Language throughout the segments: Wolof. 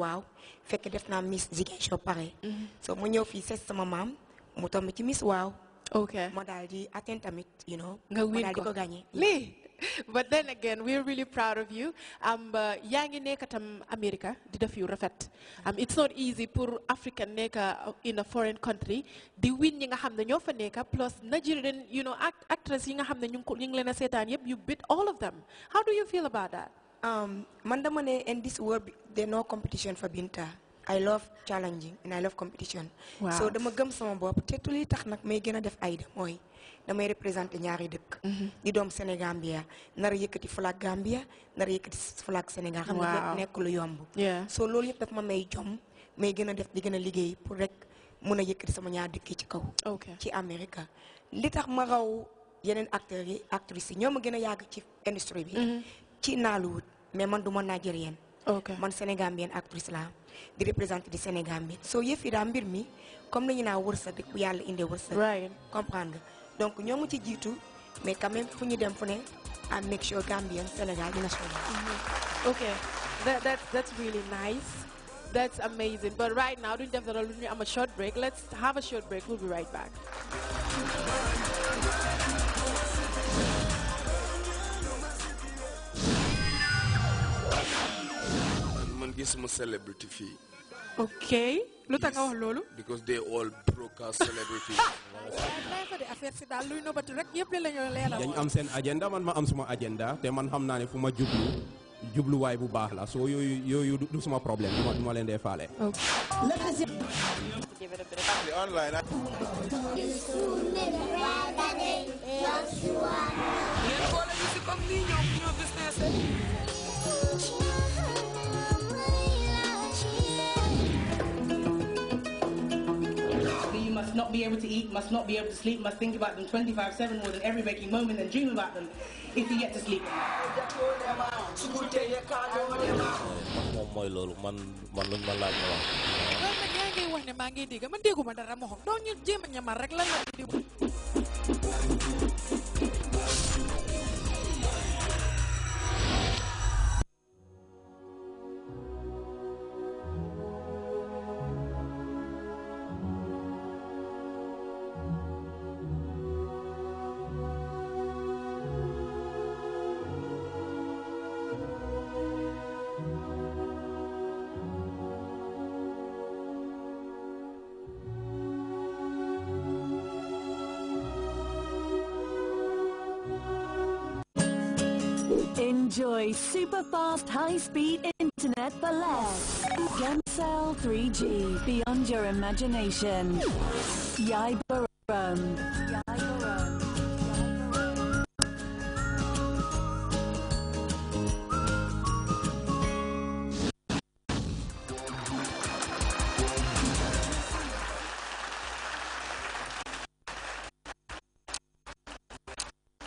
waaw fekk def naa Miss Ziguinchor pare. Mm-hmm. so mu ñëw fii seet sama maam mu tombé ci Miss waaw. ok ma daal di atteindre tamit you know. nga win ko ma daal ko gagné lii. but then again we're really proud of you am um, yaa ngi nekk tam America di def yu rafet am um, it's not easy pour African nekk uh, in a foreign country di win ñi nga xam ne ñoo fa nekk plus Nigerian you know actress yi nga xam ne ñu ngi leen a seetaan yëpp you beat all of them how do you feel about that. Um, man dama ne in this world there no competition for Binta I love challenging and I love competition. so dama gëm sama bopp te li tax nag may gën a def ay ayda mooy damay représenté ñaari dëkk. Mm-hmm. di doom Sénégambia nar a yëkkati flag Gambia nar a yëkkati flag Sénégal. xam nga nekk lu yomb. so loolu yëpp daf ma may jom may gën a def di gën a liggéey pour rek mën a yëkkati sama ñaar dëkk ci kaw. ci Amérique li tax ma raw yeneen acteurs yi actrices yi ñoo ma gën a yàgg ci industrie bi. Mm-hmm. ci naaluwut mais Nigerian. Okay. ma nigérienne man sénégambienne actrice la di représenter di sénégambien soo yëf yi daa mbir mi comme nañu naa wërsëg bu yàlla indee wërsëg comprendre nga donc ñoo ngi ci jiitu mais quand même fu ñu dem fu ne à make sure Gambian Sénégal national mm-hmm. okay that, that that's really nice that's amazing but right now duñ def dara lu ñu am a short break let's have a short break we'll be right back isma celebrity fi okay lu yes. taxaw wax lolu because they all broke our celebrity dañ am sen agenda man ma am suma agenda te man xamna ne fuma djublu djublu way bu bax la so yoyu yoyu du suma problème duma duma len defale online ah. not be able to eat, must not be able to sleep, must think about them 25-7 more than every waking moment and dream about them if you get to sleep. Enjoy super fast high-speed internet for less. Gemcell 3G, beyond your imagination. Yaibarum.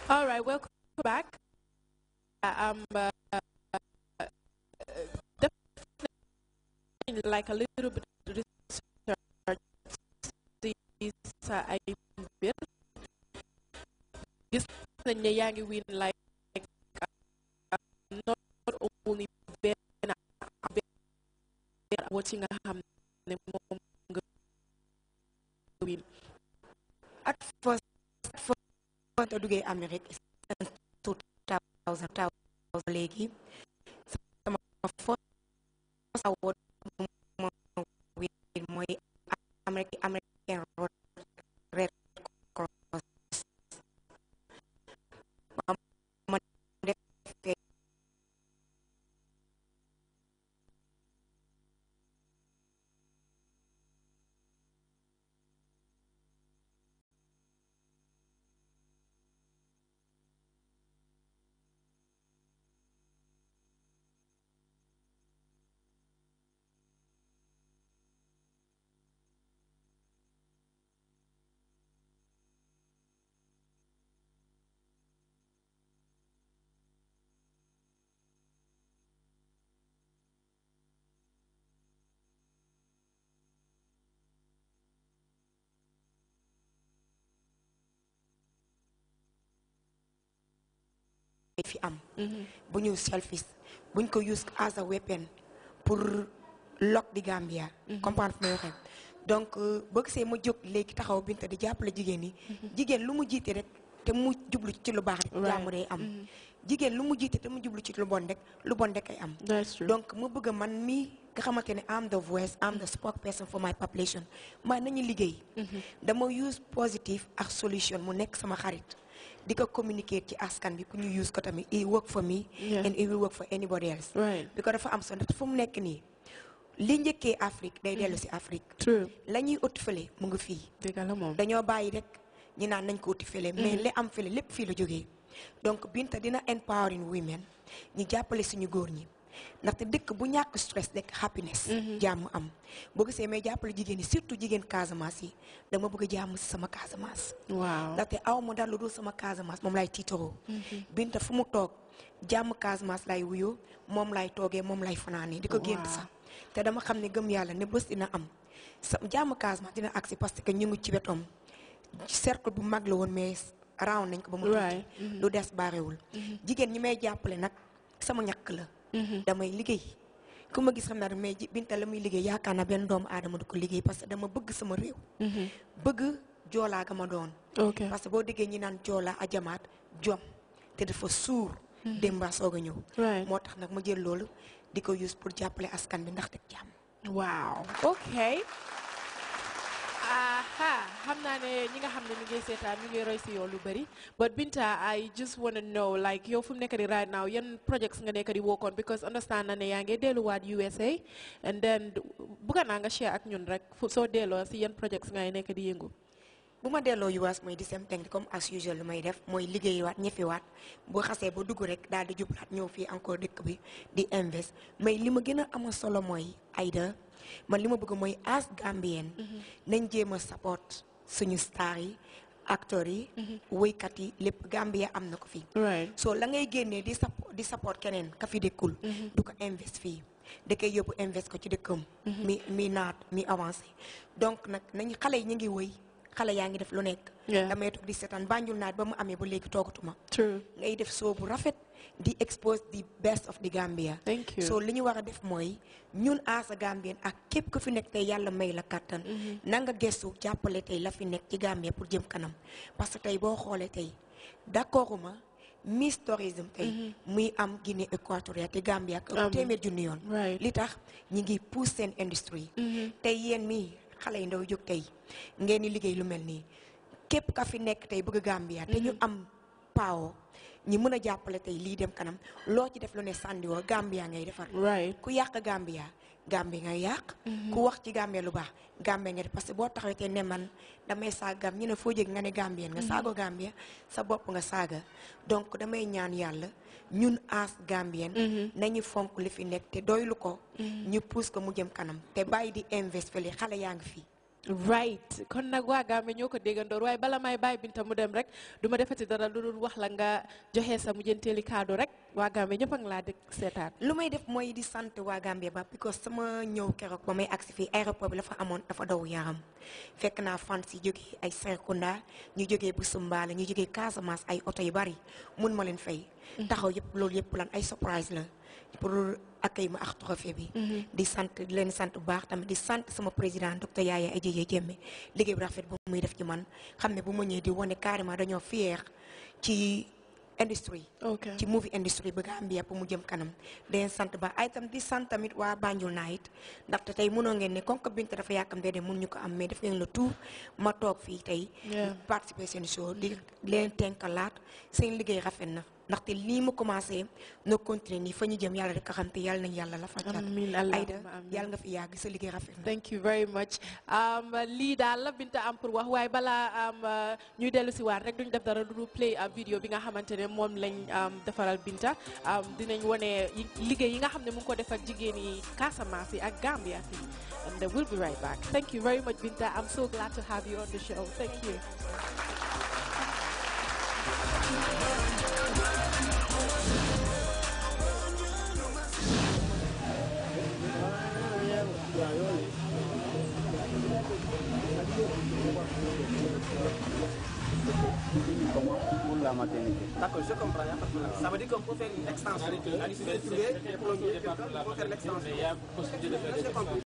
All right, welcome back. I'm uh, definitely like a little bit of research these uh, I built. Gis nañ win like not only benn affaire wat ci the moment ne moom nga win. At first, at first, duggee Amérique taw sax taw léegi sama foot mooy américain fi am bu ñu selfish buñ ko use as a weapon pour lock di Gambia comprendre fu may waxee donc euh, boo gisee ma jóg léegi taxaw Binta di jàppale jigéen ñi jigéen lu mu jiite rek te mu jublu ci lu baax rek jaamu day am mm-hmm. jigéen lu mu jiite te mu jublu ci lu bon rek lu bon rek am donc ma bëgg man mi nga xamante ne am the voice am the spokesperson for my population maa nañu liggéey mm-hmm. dama use positive ak solution mu nekk sama xarit di ko communicate ci askan bi pour ñu use ko tamit it work for me and it work for anybody else because dafa am solo ndax fu mu nekk nii li njëkkee Afrique day dellu si Afrique la ñuy ut fële mu ngi fii dañoo bàyyi rek ñu naan nañ ko uti fële mais mm-hmm. li am file lépp fii la jógee donc Binta dina empowering women ñu jàppale suñu góor ñi ndaxte dëkk bu ñàkk stress rek happiness. Mhm. jàmm am boo gisee may jàppale jigéen yi surtout jigéen Casamance yi dama bëgg jàmm si sama Casamance. waaw ndaxte aw ma dara lu dul sama Casamance moom lay tiitaroo. Mhm. Binta fu mu toog jàmm Casamance lay wuyoo moom laay toogee moom laay fanaanee di ko génn sax te dama xam ne gëm yàlla ne bës dina am sa jàmm Casamance dina agsi parce que ñu ngi ci wetam cercle bu mag la woon mais. raw nañ ko ba mu tuuti mhm. lu des barewul jigéen ñi may jàppale nag sama ñàkk la Mm-hmm. damay liggéey ku ma gis xam naa mais Binta la muy liggéey yaakaar na benn doom aadama du ko liggéey parce que dama bëgg sama réew. Mm-hmm. bëgg joolaa ga ma doon. parce que boo déggee ñi naan joolaa a jamaat jom te dafa suur. Mm-hmm. démba soog a ñëw. moo tax nag ma jël loolu di ko use pour jàppale askan bi ndax teg jàmm. waaw ok. xam naa ne ñi nga xam ne ñu ngi seetaan ñu ngi roy si yow lu bëri but Binta I just want to know like yow fu mu nekk di right now yan projects nga nekk di work on because understand na ne yaa ngi delluwaat USA and then bëgg naa nga share ak ñun rek soo delloo si yan projects nga nekk di yëngu. bu ma delloo US mooy di same thing comme as usual lu may def mooy liggéeyuwaat ñëfiwaat boo xasee ba dugg rek daal di jublaat ñëw fii encore dëkk bi di invest mais li ma gën a amal solo mooy Aida man li ma bëgg mooy as Gambien. Mm-hmm. nañ jéem a support. suñu star yi acteurs yi mm-hmm. woykat yi lépp gamb Gambia am na ko fii soo la ngay génnee di support di support keneen ka fi dëkkul mm-hmm. du ko invest fii da koy yóbbu invest ko ci dëkkam mm-hmm. mi mi naat mi avancé donc nag nañ xale yi ñu ngi woy xale yaa ngi def lu nekk damay toog di seetaan Banjul naat ba mu amee ba léegi toogatuma ngay def soo rafet di expose the best of the Gambia. thank you so li ñu war a def mooy ñun as a Gambien ak képp ku fi nekk tey yàlla may la kàttan. Mm-hmm. na nga gëstu jàppale tey la fi nekk ci Gambia pour jëm kanam parce que tey boo xoolee tey d'accord ma Miss Tourism tey mm-hmm. muy am Guinée Équatoriale te Gambia ak téeméer junni yoon li tax ñi ngi pousse seen industrie mm-hmm. tey yéen mi xale yi ndaw jóg tey ngeen di liggéey lu mel nii képp ka fi nekk tey bëgg Gambia te ñu am paawoo ñi mën a jàppale tey lii dem kanam loo ci def lu ne sàndiwoo Gambia ngay defar. ku yàq Gambia Gambia ngay yàq. Mhm. ku wax ci Gambia lu baax Gambia ngay def parce que boo taxawee tey ne man damay saaga ñu ne foo jëg nga ne Gambien nga mhm. saago Gambia sa bopp nga saaga donc damay ñaan yàlla ñun aas Gambien. Mhm. nañu fonk li fi nekk te doylu ko. ñu pousse ko mu jëm kanam te bàyyi di invest fële xale yaa ngi fii right kon nak waga me ñoko deggandoo waye bala may bay binta mu dem rek duma defati dara lu dul wax la nga joxe sa mujjenteli cadeau rek wagambe ñepp ak la dekk setat lumay def moy di sante wagambe ba piko sama ñew kéro ba may aksi fi aéroport bi la fa amone dafa daw yaram fekk na fancy joggi ay sankuna ñu joggé bu sumbala ñu joggé casamance ay auto yu bari mun ma len fay mhm. taxaw yep lool yep lan ay surprise la pour ak kay ma ak trophée bi. Mm-hmm. di sant leen sant bu baax tamit di sant sama président docteur Yaya Adjie Diémé liggéey bu rafet bu muy def ci man xam ne bu ma ñëwee di wane carrément dañoo fier ci industrie. ci movie industrie ba Gambia pour mu jëm kanam. di leen sant ba ay tam di sant tamit waa Banjul naa it ndaxte tey mënoo ngeen ne comme que biñ te dafa yàkkam dee de mun ñu ko am mais def ngeen le tout ma toog fii tey. participer seen show di leen tenkalaat seen liggéey rafet na. ndaxte lii mu commencé na continuer nii fa ñu jëm yàlla rek a xam te yàlla nañu yàlla la fàcceel. amiin Ayda nga fi yàgg sa liggéey rafet na. thank you very much um, lii daal la Binta am pour wax waaye balaa um, uh, ñuy dellu si rek duñ def dara du play uh, vidéo bi nga xamante ne moom lañ um, defaral Binta dinañ wane liggéey yi nga xam ne mu ko def ak jigéen yi Casamance yi ak Gambia fi and we'll be right back thank you very much Binta I'm so glad to have you on the show thank you. D'accord, je comprends. Ça veut dire qu'on peut faire une extension. faire l'extension.